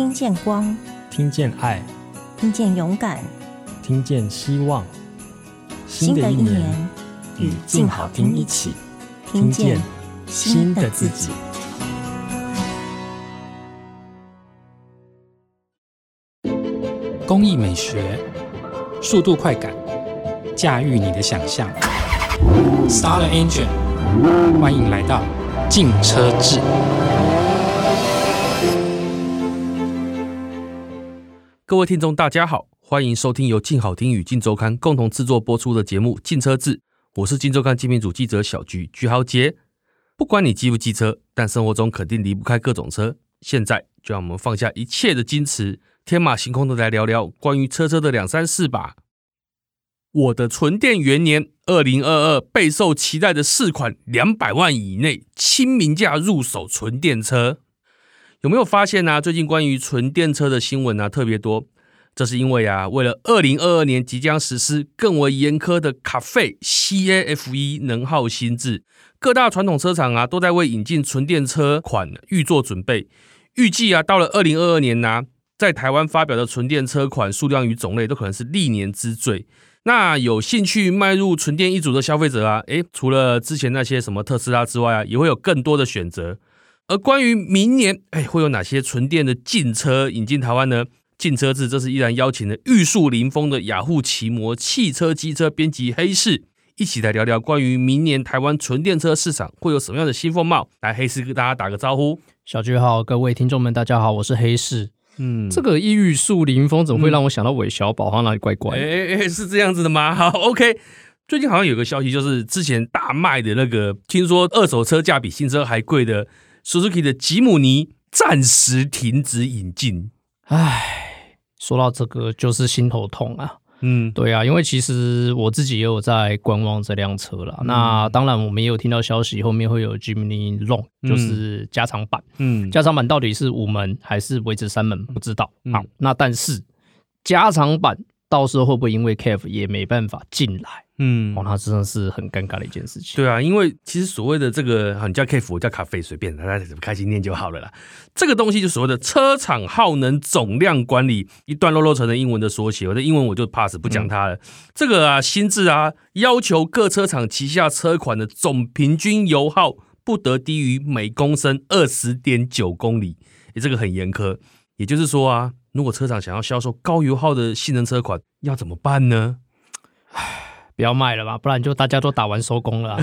聽見光，聽見愛，聽見勇敢，聽見希望。新的一年與靜好聽一起，聽見新的自己。自己工藝美學，速度快感，駕馭你的想象。Star Engine，歡迎來到靜車誌。各位聽眾，大家好，歡迎收聽由靜好聽與靜週刊共同制作播出的節目《靜車誌》，我是靜週刊精品組記者小菊菊豪杰。不管你記不記車，但生活中肯定離不開各種車。現在就讓我們放下一切的矜持，天馬行空的來聊聊關於車車的兩三事吧。我的純電元年二零二二備受期待的四款兩百萬以內親民價入手純電車。有沒有發現呢、啊？最近關於純電車的新聞啊特別多，這是因為啊，為了二零二二年即將實施更為嚴苛的卡費 CAFE 能耗新制，各大傳統車廠啊都在為引進純電車款預做準備。預計啊，到了二零二二年呢、啊，在台灣發表的純電車款數量與種類都可能是歷年之最。那有興趣邁入純電一族的消費者啊，哎，除了之前那些什麼特斯拉之外啊，也會有更多的選擇。而關於明年，哎、欸，會有哪些純電的進車引進台灣呢？進車志這次依然邀請了玉樹臨風的雅虎奇摩汽車機車編輯黑市，一起來聊聊關於明年台灣純電車市場會有什麼樣的新風貌。來，黑市跟大家打個招呼。小聚好，各位聽眾們，大家好，我是黑市。嗯，這個玉樹臨風怎麼會讓我想到韋小寶？好像哪裡怪怪。哎哎乖、欸，是這樣子的嗎？好，OK。最近好像有個消息，就是之前大賣的那個，聽說二手車價比新車還貴的。Suzuki 的吉姆尼暫時停止引進，唉，說到這個就是心頭痛啊。嗯，對啊，因為其實我自己也有在觀望這輛車了。嗯、那當然，我們也有聽到消息，後面會有 Jimny Long，就是加長版。嗯，加長版到底是五門還是維持三門，不知道。好，那但是加長版。到時候會不會因為 CAFE 也沒辦法進來？嗯，哦，那真的是很尷尬的一件事情。對啊，因為其實所謂的這個，你叫 CAFE，我叫咖啡，隨便大家開心念就好了啦。這個東西就是所謂的車廠耗能總量管理，一段落落成的英文的縮寫，我的英文我就 pass 不講它了。嗯、這個啊，新制啊，要求各車廠旗下車款的總平均油耗不得低於每公升二十點九公里，欸，這個很嚴苛。也就是說啊。如果車廠想要銷售高油耗的性能車款，要怎麼辦呢？唉，不要賣了吧，不然就大家都打完收工了。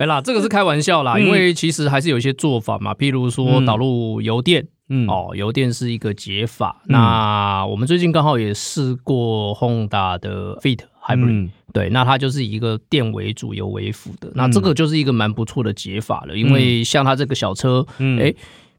哎啦，這個是開玩笑啦，因為其實還是有一些做法嘛，譬如說導入油電，嗯，哦，油電是一個解法。那我們最近剛好也試過 Honda 的 Fit Hybrid，對，那它就是一個電為主、油為輔的。那這個就是一個蠻不錯的解法了，因為像它這個小車，哎。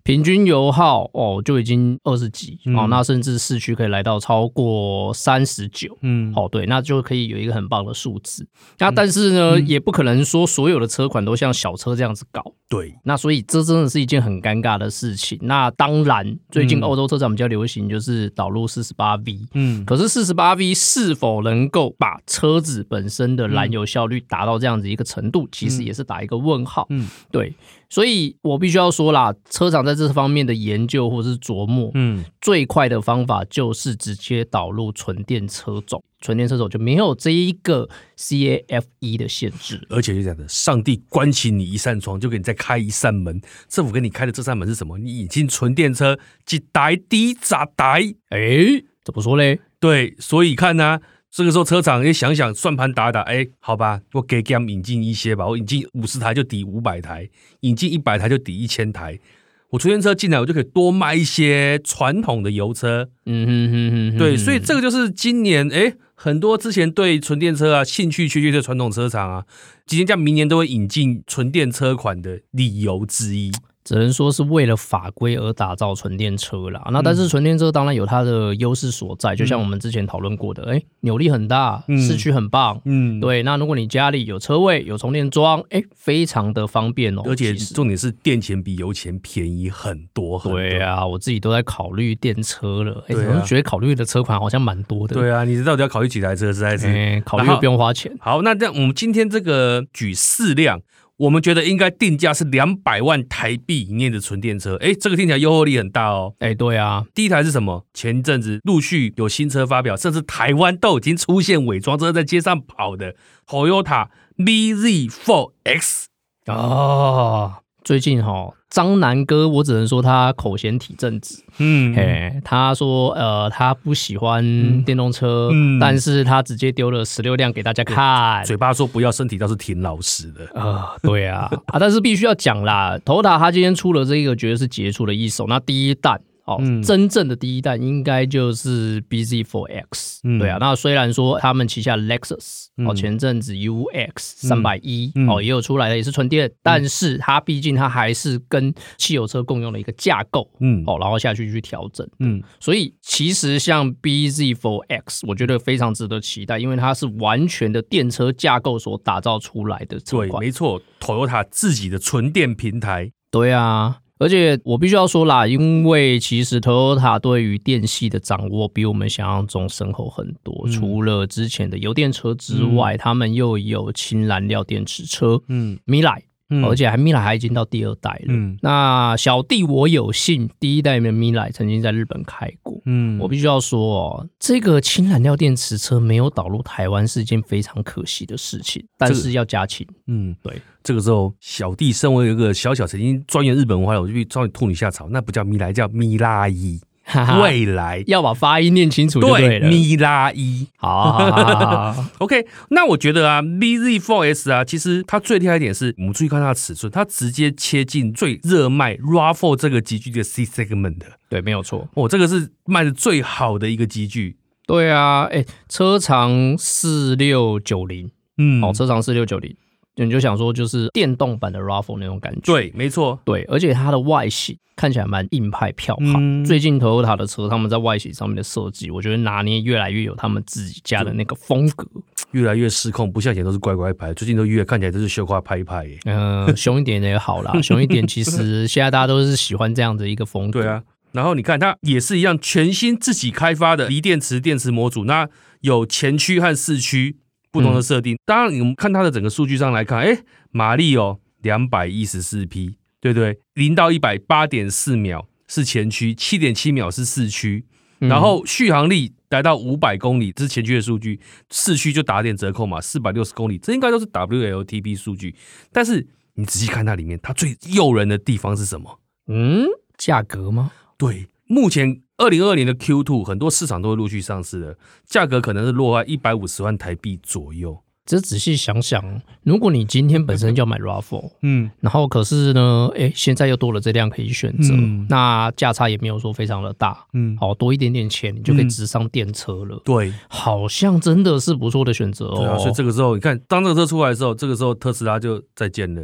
平均油耗哦就已經二十幾哦，那甚至市區可以來到超過三十九，嗯，哦對，那就可以有一個很棒的數字。嗯、那但是呢，嗯、也不可能說所有的車款都像小車這樣子搞，對。那所以這真的是一件很尷尬的事情。那當然，最近歐洲車展比較流行就是導入四十八 V，嗯，可是四十八 V 是否能夠把車子本身的燃油效率達到這樣子一個程度，嗯、其實也是打一個問號，嗯，對。所以我必須要說啦，車廠在這方面的研究或是琢磨，嗯，最快的方法就是直接導入純電車種，純電車種就沒有這一個 CAFE 的限制，而且就這樣的，上帝關起你一扇窗，就給你再開一扇門，政府給你開的這扇門是什麼？你引進純電車，幾台低，咋呆」。哎，怎麼說呢？對，所以看呢、啊。這個時候，車廠也想想，算盤打打，哎、欸，好吧，我給給他們引進一些吧。我引進五十台就抵五百台，引進一百台就抵一千台。我純電車進來，我就可以多賣一些傳統的油車。嗯哼哼哼。對，所以這個就是今年哎、欸，很多之前對純電車啊興趣缺缺的傳統車廠啊，今天這樣明年都會引進純電車款的理由之一。只能說是為了法規而打造純電車啦。嗯、那但是純電車當然有它的優勢所在，嗯、就像我們之前討論過的，哎、欸，扭力很大，嗯、市區很棒，嗯，對。那如果你家裡有車位、有充電樁，哎、欸，非常的方便哦、喔。而且重點是其實電錢比油錢便宜很多，很多。對啊，我自己都在考慮電車了。對、啊，欸、我覺得考慮的車款好像蠻多的。對啊，你到底要考慮幾台車，實在是、欸、考慮又不用花錢。好，那這樣我們今天這個舉四輛我們覺得應該定價是兩百萬台幣以內的純電車，誒，這個聽起來誘惑力很大哦。誒對啊，第一台是什麼？前一陣子陸續有新車發表，甚至台灣都已經出現偽裝車在街上跑的 Toyota bZ4X 哦，最近哈。張楠哥，我只能說他口嫌體正直。嗯，嘿，他說呃，他不喜歡電動車，嗯嗯、但是他直接丟了十六輛給大家看。嘴巴說不要，身體倒是挺老實的啊。對啊， 啊，但是必須要講啦，Toyota 他今天出了這一個，絕對是傑出的一手。那第一彈。哦，真正的第一代應該就是 BZ4X、嗯、對啊。那雖然說他們旗下 Lexus，哦、嗯，前陣子 UX 三百一，嗯、哦，也有出來的，也是純電，嗯、但是它畢竟它還是跟汽油車共用的一個架構，嗯，哦，然後下去去調整，嗯。所以其實像 BZ4X，我覺得非常值得期待，因為它是完全的電車架構所打造出來的車款，對，沒錯，Toyota 自己的純電平台。對啊。而且我必須要說啦，因為其實 Toyota 對於電系的掌握比我們想象中深厚很多，嗯、除了之前的油電車之外，嗯、他們又有氫燃料電池車，嗯米，Mirai。而且還米萊還已經到第二代了。嗯，那小弟我有幸，第一代的米萊曾經在日本開過。嗯，我必須要說哦，這個氫燃料電池車沒有導入台灣是一件非常可惜的事情。但是要加氫，這個。嗯，對，這個時候小弟身為一個小小曾經鑽研日本文化的，我就去招你吐你下槽。那不叫米萊，叫米拉伊。 未來要把發音念清楚就對了。米拉伊， 好、好、好、好 ，OK。那我覺得啊，bZ4X 啊，其實它最厲害一點是，我們注意看它的尺寸，它直接切進最熱賣 RAV4 這個級距的 C segment 的。對，沒有錯，我、哦、這個是賣的最好的一個級距，對啊，哎，車長四六九零，嗯，好、哦，車長四六九零。你就想說，就是電動版的 Raffle 那種感覺，對，沒錯，對，而且它的外形看起來蠻硬派漂、漂亮、嗯、最近 Toyota 它的車，他們在外形上面的設計，我覺得拿捏越來越有他們自己家的那個風格，越來越失控，不像以前都是乖乖牌，最近都越看起來都是秀花派一派。嗯、呃，兇一點也好啦，兇 一點，其實現在大家都是喜歡這樣的一個風格。對啊，然後你看，它也是一樣全新自己開發的鋰電池電池模組，那有前驅和四驅。不同的設定，嗯、當然，你們看它的整個數據上來看，哎、欸，馬力哦，兩百一十四匹，對不對？零到一百八點四秒是前驅，七點七秒是四驅，嗯、然後續航力達到五百公里，這是前驅的數據，四驅就打點折扣嘛，四百六十公里，這應該都是 WLTP 數據。但是你仔細看它裡面，它最誘人的地方是什麼？嗯，價格嗎？對，目前。二零二零的 Q Two 很多市場都會陸續上市的，價格可能是落在一百五十萬台幣左右。只仔細想想，如果你今天本身就要買 RAV4，嗯，然後可是呢，哎，現在又多了這輛可以選擇，嗯、那價差也沒有說非常的大，嗯，好、哦、多一點點錢你就可以直上電車了。嗯、對，好像真的是不錯的選擇哦。對啊、所以這個時候你看，當這個車出來的時候，這個時候特斯拉就再見了。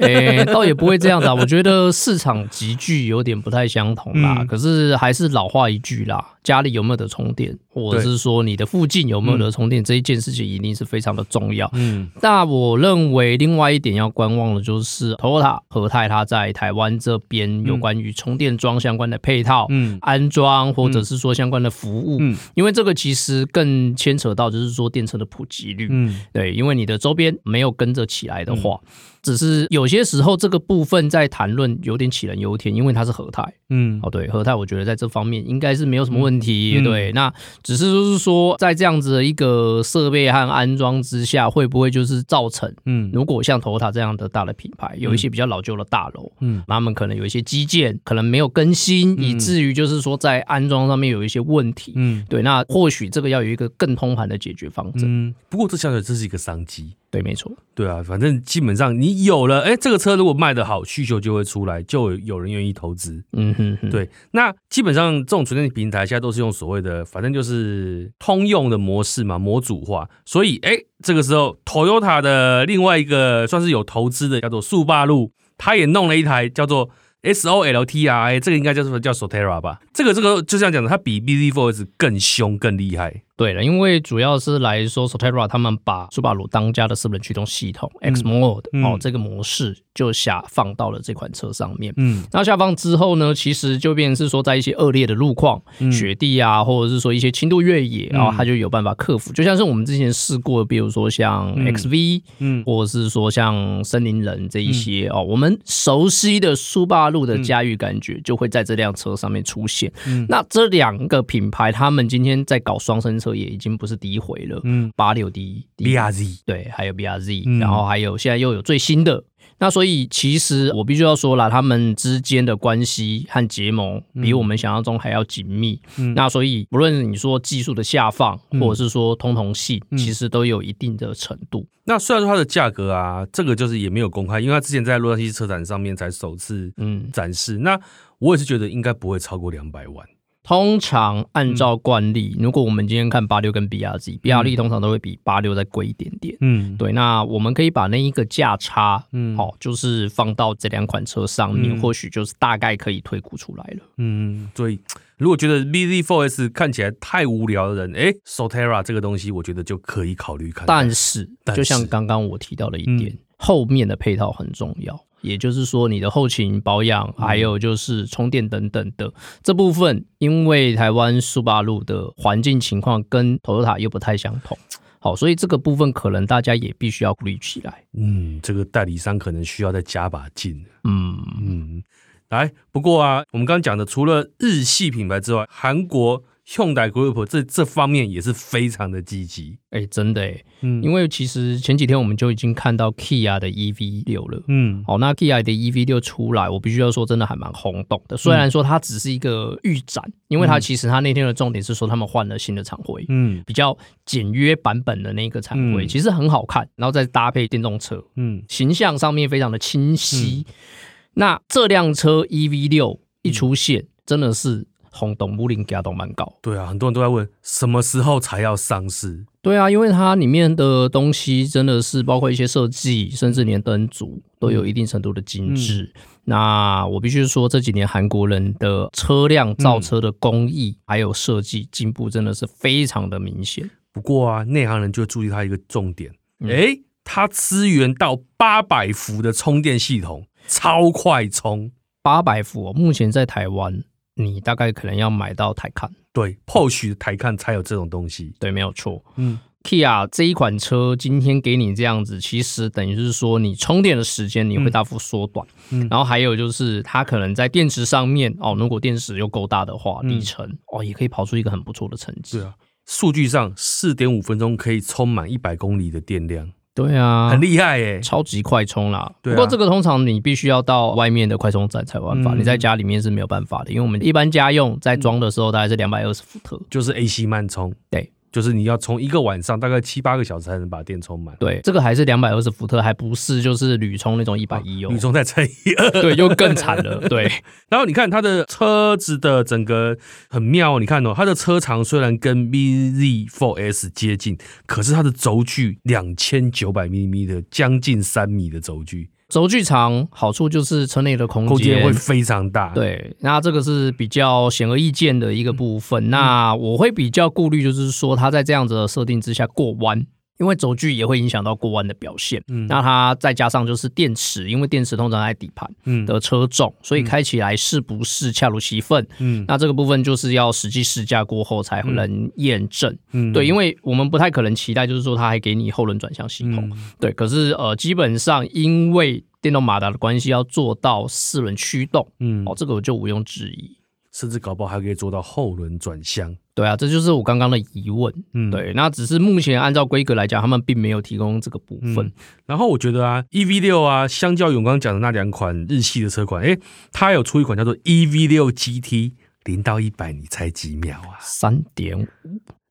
哎、 欸，倒也不會這樣子啊。我覺得市場集聚，有點不太相同啦。嗯、可是還是老話一句啦，家裡有沒有得充電，或者是說你的附近有沒有得充電，嗯、這一件事情一定是非常的重要。嗯，那我認為另外一點要觀望的就是 Toyota 和泰他在台灣這邊有關於充電樁相關的配套、嗯、安裝，或者是說相關的服務。嗯，嗯因為這個其實更牽扯到就是說電車的普及率。嗯，對，因為你的周邊沒有跟着起來的話。嗯只是有些時候這個部分在談論有點杞人憂天，因為它是和泰，嗯，哦、oh, 對，和泰，我覺得在這方面應該是沒有什麼問題。嗯、對，那只是就是說，在這樣子的一個設備和安裝之下，會不會就是造成，嗯，如果像 Toyota 這樣的大的品牌，有一些比較老舊的大樓，嗯，他們可能有一些基建可能沒有更新，嗯、以至於就是說在安裝上面有一些問題，嗯，對，那或許這個要有一個更通盤的解決方針。嗯，不過這相對這是一個商機。對，沒錯。對啊，反正基本上你有了，哎、欸，這個車如果賣得好，需求就會出來，就有人願意投資。嗯哼哼。對，那基本上這種純電平台現在都是用所謂的，反正就是通用的模式嘛，模組化。所以，哎、欸，這個時候，Toyota 的另外一個算是有投資的，叫做速霸陸，他也弄了一台叫做 Solterra，這個應該叫什麼？叫 Sotera 吧？這個這個就這樣講的，它比 bZ4X 更凶更厲害。對了，因為主要是來說，Solterra 他們把蘇巴魯當家的四輪驅動系統 X Mode、嗯、哦，嗯、這個模式就下放到了這款車上面。嗯，那下放之後呢，其實就變成是說，在一些惡劣的路況、嗯、雪地啊，或者是說一些輕度越野，然後它就有辦法克服。嗯、就像是我們之前試過，比如說像 XV，嗯，或者是說像森林人這一些、嗯、哦，我們熟悉的蘇巴魯的駕馭感覺、嗯、就會在這輛車上面出現。嗯、那這兩個品牌，他們今天在搞雙生車。也已經不是第一回了，嗯，八六的、的 B R Z，對，還有 B R Z，、嗯、然後還有現在又有最新的，那所以其實我必須要說了，他們之間的關係和結盟比我們想象中還要緊密。嗯、那所以不論你說技術的下放，嗯、或者是說通同性，嗯、其實都有一定的程度。那雖然說它的價格啊，這個就是也沒有公開，因為它之前在洛杉磯車展上面才首次嗯展示。嗯、那我也是覺得應該不會超過兩百萬。通常按照慣例，嗯、如果我們今天看八六跟 B R Z，B、嗯、R Z 通常都會比八六再貴一點點。嗯，對。那我們可以把那一個價差，好、嗯哦，就是放到這兩款車上面，你、嗯、或許就是大概可以推估出來了。嗯，所以如果覺得 B Z Four S 看起來太無聊的人，誒 Solterra 這個東西，我覺得就可以考慮看看。但是，但是就像剛剛我提到的一點，嗯、後面的配套很重要。也就是說，你的後勤保養，還有就是充電等等的這部分，因為台灣 Subaru 的環境情況跟 Toyota 又不太相同，好，所以這個部分可能大家也必須要顧慮起來。嗯，這個代理商可能需要再加把勁。嗯嗯，來，不過啊，我們剛剛講的，除了日系品牌之外，韓國。現代 Group 這這方面也是非常的積極，哎、欸，真的哎，嗯，因為其實前幾天我們就已經看到 Kia 的 EV 六了，嗯，好，那 Kia 的 EV 六出來，我必須要說，真的還蠻轟動的。雖然說它只是一個預展，嗯、因為它其實它那天的重點是說他們換了新的廠徽，嗯，比較簡約版本的那個廠徽，嗯、其實很好看，然後再搭配電動車，嗯，形象上面非常的清晰。嗯、那這輛車 EV 六一出現，嗯、真的是。通總不另感。都蠻高。對啊，很多人都在問，什麼時候才要上市？對啊，因為它裡面的東西真的是包括一些設計，甚至連燈組都有一定程度的精致。嗯、那我必須說，這幾年韓國人的車輛造車的工藝、嗯、還有設計進步，真的是非常的明顯。不過啊，內行人就會注意它一個重點，哎、嗯，它、欸、支援到八百伏的充電系統，超快充八百伏，目前在台灣。你大概可能要買到台看，對，後續台看才有這種東西，對，沒有錯。嗯，Kia 這一款車今天給你這樣子，其實等於是說你充電的時間你會大幅縮短，嗯，嗯然後還有就是它可能在電池上面哦，如果電池又夠大的話，嗯、里程哦也可以跑出一個很不錯的成績。對啊，數據上四點五分鐘可以充滿一百公里的電量。對啊，很厲害耶、欸。超級快充啦。啊、不過這個通常你必須要到外面的快充站才有辦法，嗯、你在家裡面是沒有辦法的，因為我們一般家用在裝的時候大概是兩百二十伏特，就是 AC 慢充，對。就是你要充一個晚上，大概七八個小時才能把電充滿。對，這個還是兩百二十伏特，還不是就是旅充那種一百一哦，旅充再乘以二，對，又更慘了。 對，然後你看它的車子的整個很妙，你看哦，它的車長雖然跟 bZ4X 接近，可是它的軸距兩千九百毫米的，將近三米的軸距。軸距長，好處就是車內的空間，空間會非常大。對，那這個是比較顯而易見的一個部分。嗯。那我會比較顧慮就是說，它在這樣子的設定之下過彎。因為軸距也會影響到過彎的表現，嗯，那它再加上就是電池，因為電池通常在底盤的車重，嗯，所以開起來是不是恰如其分？嗯，那這個部分就是要實際試駕過後才能驗證。嗯，對，因為我們不太可能期待，就是說它還給你後輪轉向系統。嗯，對，可是呃，基本上因為電動馬達的關係，要做到四輪驅動，嗯，哦，這個我就毋庸置疑，甚至搞不好還可以做到後輪轉向。對啊，這就是我剛剛的疑問。對，嗯、那只是目前按照規格來講，他們並沒有提供這個部分。嗯、然後我覺得啊，E V 六啊，相較於我剛剛講的那兩款日系的車款，哎，它有出一款叫做 E V 六 G T，零到一百你猜幾秒啊？三點五，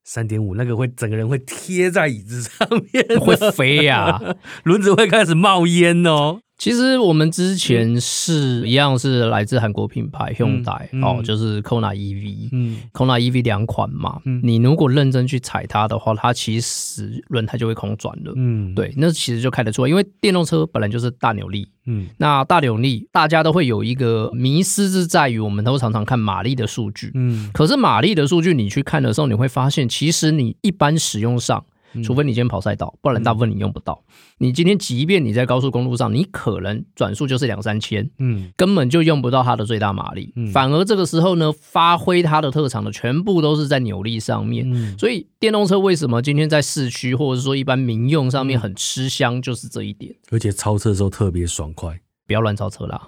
三點五，那個會整個人會貼在椅子上面，會飛呀、啊， 輪子會開始冒煙哦。其實我們之前是、嗯、一樣，是來自韓國品牌 Hyundai 哦，嗯、就是 Kona EV，Kona、嗯、EV 兩款嘛。嗯、你如果認真去踩它的話，它其實輪胎就會空轉了。嗯，對，那其實就開得出來，因為電動車本來就是大扭力。嗯，那大扭力大家都會有一個迷思之在於，我們都常常看馬力的數據。嗯，可是馬力的數據你去看的時候，你會發現，其實你一般使用上。除非你今天跑賽道，嗯、不然大部分你用不到。嗯、你今天即便你在高速公路上，你可能轉速就是兩三千，嗯，根本就用不到它的最大馬力。嗯、反而這個時候呢，發揮它的特長的全部都是在扭力上面。嗯、所以電動車為什麼今天在市區或者是說一般民用上面很吃香，就是這一點。而且超車的時候特別爽快，不要亂超車啦。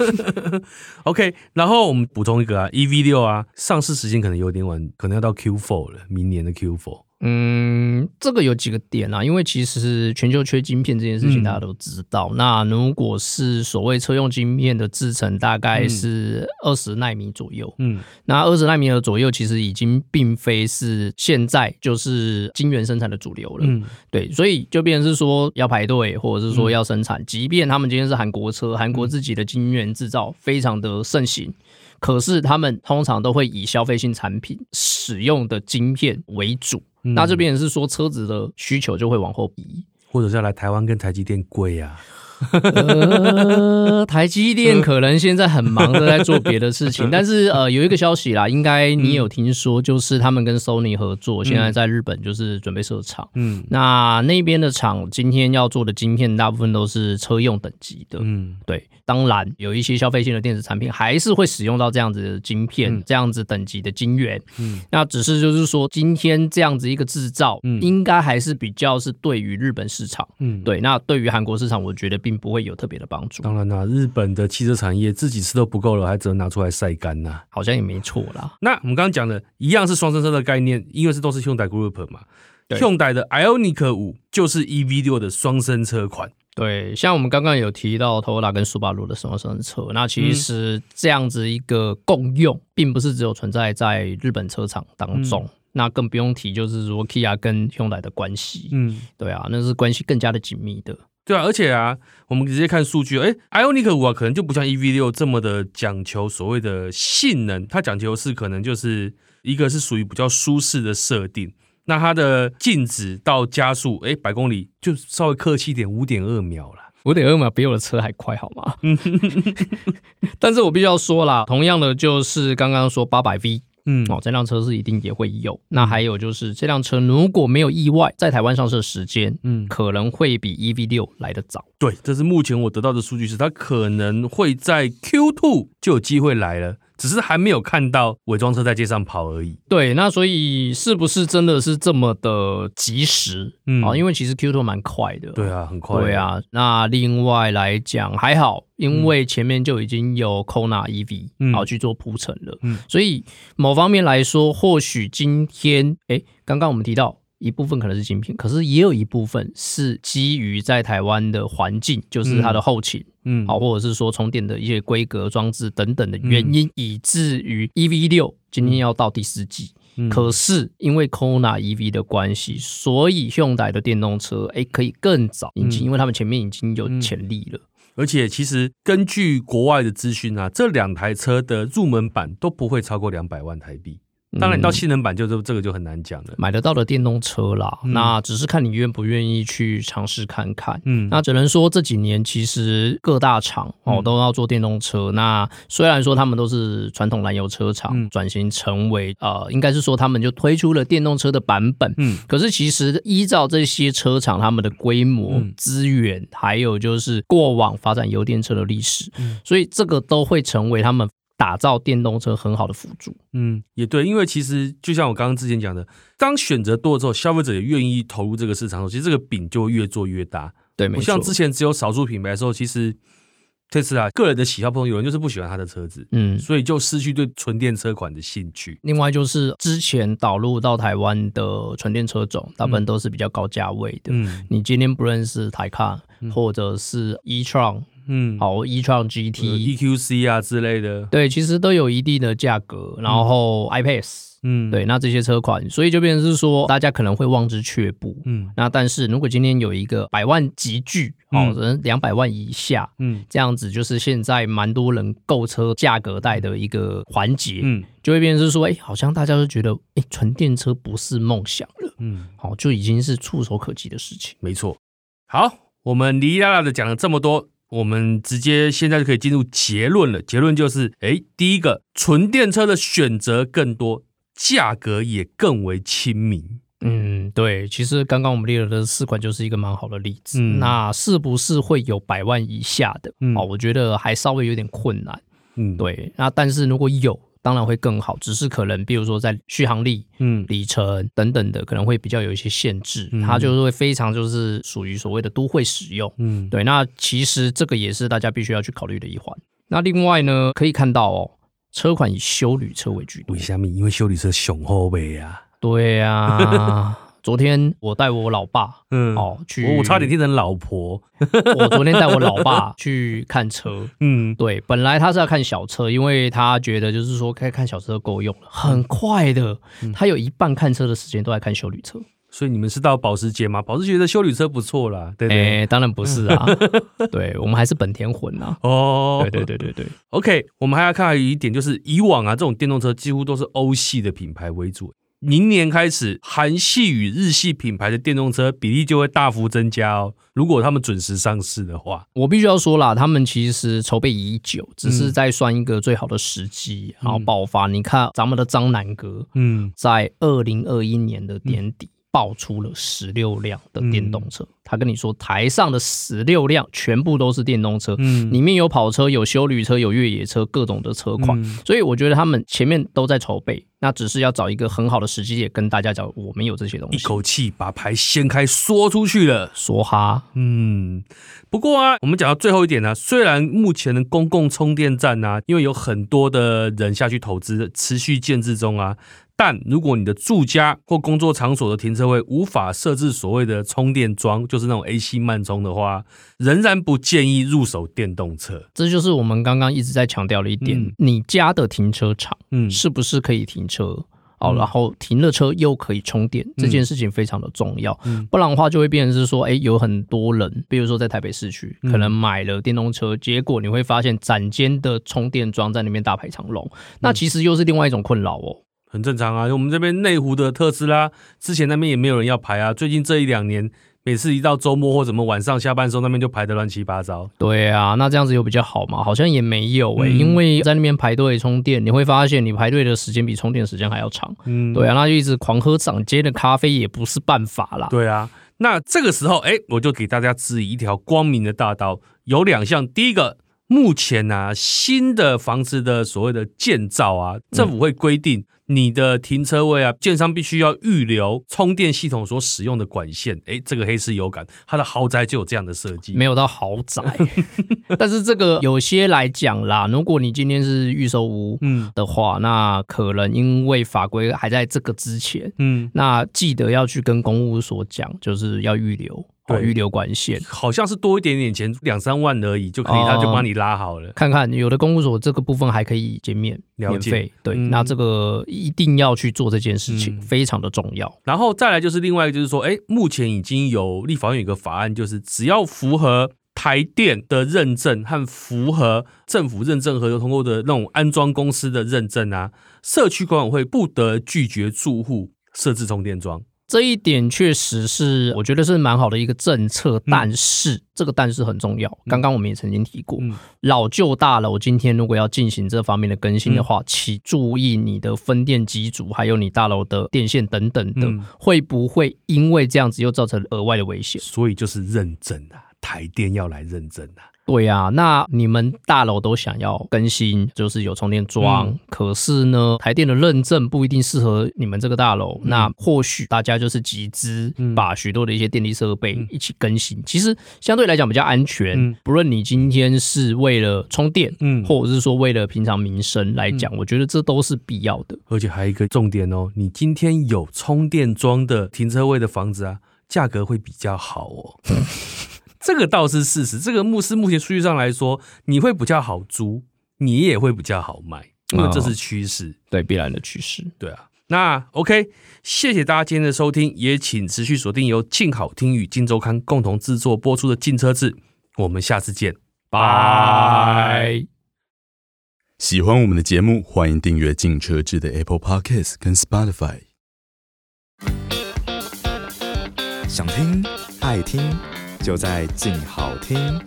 OK，然後我們補充一個啊，EV6 啊，上市時間可能有點晚，可能要到 Q4 了，明年的 Q4。嗯，這個有幾個點啊？因為其實全球缺晶片這件事情大家都知道。嗯、那如果是所謂車用晶片的製程，大概是二十奈米左右。嗯，嗯那二十奈米的左右，其實已經並非是現在就是晶圓生產的主流了。嗯，對，所以就變成是說要排隊，或者是說要生產，嗯、即便他們今天是韓國車，韓國自己的晶圓製造非常的盛行，可是他們通常都會以消費性產品使用的晶片為主。那這邊也是說，車子的需求就會往後移，嗯，或者是要來台灣跟台積電貴啊。 呃、台積電可能現在很忙的在做別的事情， 但是呃，有一個消息啦，應該你有聽說，就是他們跟 n 尼合作，嗯、現在在日本就是準備設廠。嗯，那那邊的廠今天要做的晶片，大部分都是車用等級的。嗯，對，當然有一些消費性的電子產品還是會使用到這樣子的晶片，嗯、這樣子等級的晶圓。嗯，那只是就是說，今天這樣子一個製造，嗯、應該還是比較是對於日本市場。嗯，對，那對於韓國市場，我覺得比。不會有特別的幫助。當然啦、啊，日本的汽車產業自己吃都不夠了，還只能拿出來曬乾、啊、好像也沒錯啦。那我們剛剛講的一樣是雙生車的概念，因為是都是豐田 Group 嘛。對，豐的 Ionic 五就是 E V 六的雙生車款。對，對像我們剛剛有提到特斯拉跟蘇巴 u 的雙生車。那其實這樣子一個共用，並不是只有存在在日本車廠當中。嗯、那更不用提就是如 Kia 跟豐田的關係，嗯，對啊，那是關係更加的緊密的。對啊，而且啊，我們直接看數據，哎，IONIQ 5啊，可能就不像 EV6 這麼的講求所謂的性能，它講求是可能就是一個是屬於比較舒適的設定。那它的靜止到加速，哎，百公里就稍微客氣一點，五點二秒啦。五點二秒比我的車還快，好嗎？嗯哼哼哼哼。但是我必須要說啦，同樣的就是剛剛說八百 V。嗯，哦，這輛車是一定也會有。那還有就是，這輛車如果沒有意外，在台灣上市的時間，嗯，可能會比 EV6 來得早。對，這是目前我得到的數據是，它可能會在 Q two 就有機會來了。只是還沒有看到偽裝車在街上跑而已。對，那所以是不是真的是這麼的及時？嗯啊，因為其實 Q2 蠻快的。對啊，很快的。對啊，那另外來講還好，因為前面就已經有 Kona EV 好、嗯、去做鋪陳了嗯。嗯，所以某方面來說，或許今天誒，剛、欸、剛我們提到。一部分可能是精品，可是也有一部分是基於在台灣的環境，就是它的後勤，嗯，好、嗯，或者是說充電的一些規格、裝置等等的原因，嗯、以至於 E V 六今天要到第四季，嗯、可是因為 c o n a E V 的關係，所以現代的電動車哎、欸、可以更早引進，因為他們前面已經有潛力了、嗯嗯。而且其實根據國外的資訊啊，這兩台車的入門版都不會超過兩百萬台幣。當然，你到性能版就這、嗯、這個就很難講了。買得到的電動車啦，嗯、那只是看你願不願意去嘗試看看。嗯，那只能說這幾年其實各大廠哦都要做電動車。嗯、那雖然說他們都是傳統燃油車廠、嗯、轉型成為呃，應該是說他們就推出了電動車的版本。嗯，可是其實依照這些車廠他們的規模、資源，還有就是過往發展油電車的歷史，嗯、所以這個都會成為他們打造電動車很好的輔助，嗯，也對，因為其實就像我剛剛之前講的，當選擇多了之後，消費者也願意投入這個市場，其實這個餅就會越做越大。對，沒錯。我像之前只有少數品牌的時候，其實特斯拉個人的喜好不同，有人就是不喜歡他的車子，嗯，所以就失去對純電車款的興趣。另外就是之前導入到台灣的純電車種，大部分都是比較高價位的。嗯，你今天不論是 Taycan，或者是 e-tron。嗯，好，e-tron GT，呃、EQC 啊之類的，對，其實都有一定的價格，然後 i-Pace 嗯， 對，那這些車款，所以就變成是說，大家可能會望之卻步，嗯，那但是如果今天有一個百萬級距，哦，兩百萬以下，嗯，嗯這樣子就是現在蠻多人購車價格帶的一個環節，嗯，就會變成是說，哎、欸，好像大家都覺得，哎、欸，純電車不是夢想了，嗯，好，就已經是觸手可及的事情，沒錯錯，好，我們離啦啦的講了這麼多。我們直接現在就可以進入結論了。結論就是，哎，第一個純電車的選擇更多，價格也更為親民。嗯，對，其實剛剛我們列了的四款就是一個蠻好的例子。嗯，那是不是會有百萬以下的？嗯，哦，我覺得還稍微有點困難。嗯，對，那但是如果有。當然會更好，只是可能，比如說在續航力，嗯、里程等等的，可能會比較有一些限制。嗯，它就是會非常就是屬於所謂的都會使用，嗯，對。那其實這個也是大家必須要去考慮的一環。那另外呢，可以看到哦，車款以休旅車為居多。為什麼？因為休旅車雄厚唄呀。對呀、啊。 昨天我帶我老爸、嗯、哦去我，我差點聽成老婆。 我昨天帶我老爸去看車，嗯，對，本來他是要看小車，因為他覺得就是說，可以看小車夠用了，很快的。嗯、他有一半看車的時間都在看休旅車。所以你們是到保時捷嗎？保時捷的休旅車不錯啦，對，對，對，欸、當然不是啊， 對我們還是本田魂吶、啊。哦，對對對對對。OK，我們還要看還有一點，就是以往啊，這種電動車幾乎都是歐系的品牌為主。明年開始，韓系與日系品牌的電動車比例就會大幅增加哦。如果他們準時上市的話，我必須要說啦，他們其實籌備已久，只是在算一個最好的時機，嗯、然後爆發。你看，咱們的張楠哥，嗯，在二零二一年的年底。嗯爆出了十六輛的電動車、嗯，他跟你說台上的十六輛全部都是電動車、嗯，裡面有跑車、有休旅車、有越野車，各種的車款、嗯。所以我覺得他們前面都在籌備，那只是要找一個很好的時機，也跟大家講我們有這些東西，一口氣把牌掀開說出去了，梭哈，嗯。不過啊，我們講到最後一點呢、啊，雖然目前的公共充電站啊，因為有很多的人下去投資，持續建置中啊。但如果你的住家或工作場所的停車位無法設置所謂的充電樁，就是那種 AC 慢充的話，仍然不建議入手電動車。這就是我們剛剛一直在強調的一點：嗯、你家的停車場是不是可以停車？好、嗯哦，然後停了車又可以充電，嗯、這件事情非常的重要。嗯、不然的話，就會變成是說，哎，有很多人，比如說在台北市區，嗯、可能買了電動車，結果你會發現，展間的充電樁在那邊大排長龍，嗯、那其實又是另外一種困擾哦。很正常啊，我們這邊內湖的特斯拉之前那邊也沒有人要排啊，最近這一兩年，每次一到周末或什麼晚上下班的時候，那邊就排得亂七八糟。對啊，那這樣子有比較好嗎？好像也沒有誒、欸。嗯，因為在那邊排隊充電，你會發現你排隊的時間比充電時間還要長。嗯，對啊，那就一直狂喝長街的咖啡也不是辦法啦。對啊，那這個時候哎、欸，我就給大家指一條光明的大道，有兩項，第一個。目前啊，新的房子的所謂的建造啊，政府會規定你的停車位啊，建商必須要預留充電系統所使用的管線。誒、欸，這個黑市有感，它的豪宅就有這樣的設計，沒有到豪宅、欸。 但是這個有些來講啦，如果你今天是預售屋，嗯的話，嗯、那可能因為法規還在這個之前，嗯，那記得要去跟公務所講，就是要預留。對，預留管線，好像是多一點點錢，兩三萬而已就可以，嗯、他就幫你拉好了。看看有的公務所這個部分還可以減免，免費。了解。對，嗯、那這個一定要去做這件事情，嗯、非常的重要。然後再來就是另外一個，就是說，哎、欸，目前已經有立法院有一個法案，就是只要符合台電的認證和符合政府認證和通過的那種安裝公司的認證啊，社區管委會不得拒絕住戶設置充電樁。這一點確實是，我覺得是蠻好的一個政策。但是、嗯、這個但是很重要，剛剛我們也曾經提過，嗯、老舊大樓今天如果要進行這方面的更新的話，請、嗯、注意你的分電機組，還有你大樓的電線等等的，嗯、會不會因為這樣子又造成額外的危險？所以就是認證啊，台電要來認證啊。對啊，那你們大樓都想要更新，就是有充電樁，嗯、可是呢，台電的認證不一定適合你們這個大樓。嗯、那或許大家就是集資，把許多的一些電力設備一起更新，嗯、其實相對來講比較安全。嗯、不論你今天是為了充電，嗯，或者是說為了平常民生來講，嗯、我覺得這都是必要的。而且還有一個重點哦，你今天有充電樁的停車位的房子啊，價格會比較好哦。 這個倒是事實。這個目師目前數據上來說，你會比較好租，你也會比較好賣，因為這是趨勢，哦、對，必然的趨勢。對啊，那 OK，謝謝大家今天的收聽，也請持續鎖定由鏡好聽與鏡週刊共同製作播出的《鏡車誌》，我們下次見，拜 Bye。喜歡我們的節目，歡迎訂閱進制《鏡車誌》的 Apple Podcasts 跟 Spotify。想聽，愛聽。就在靜好聽。